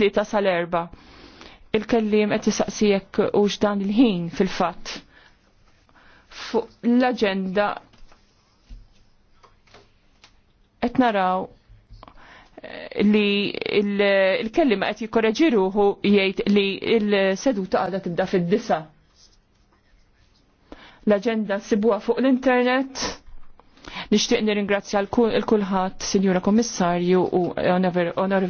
tlita sal-erba. Il-kellim qed jisaqsijek jekk dan il-ħin fil-fatt. Fuq l-aġenda qed naraw eh, li il kellim qed jikkoreġi jgħid li il-seduta għadha tibda fid-disa. L-aġenda nsibuha fuq l-internet. Nixtieq nirringrazzja l-kulħadd, Sinjura Kommissarju u Onorevoli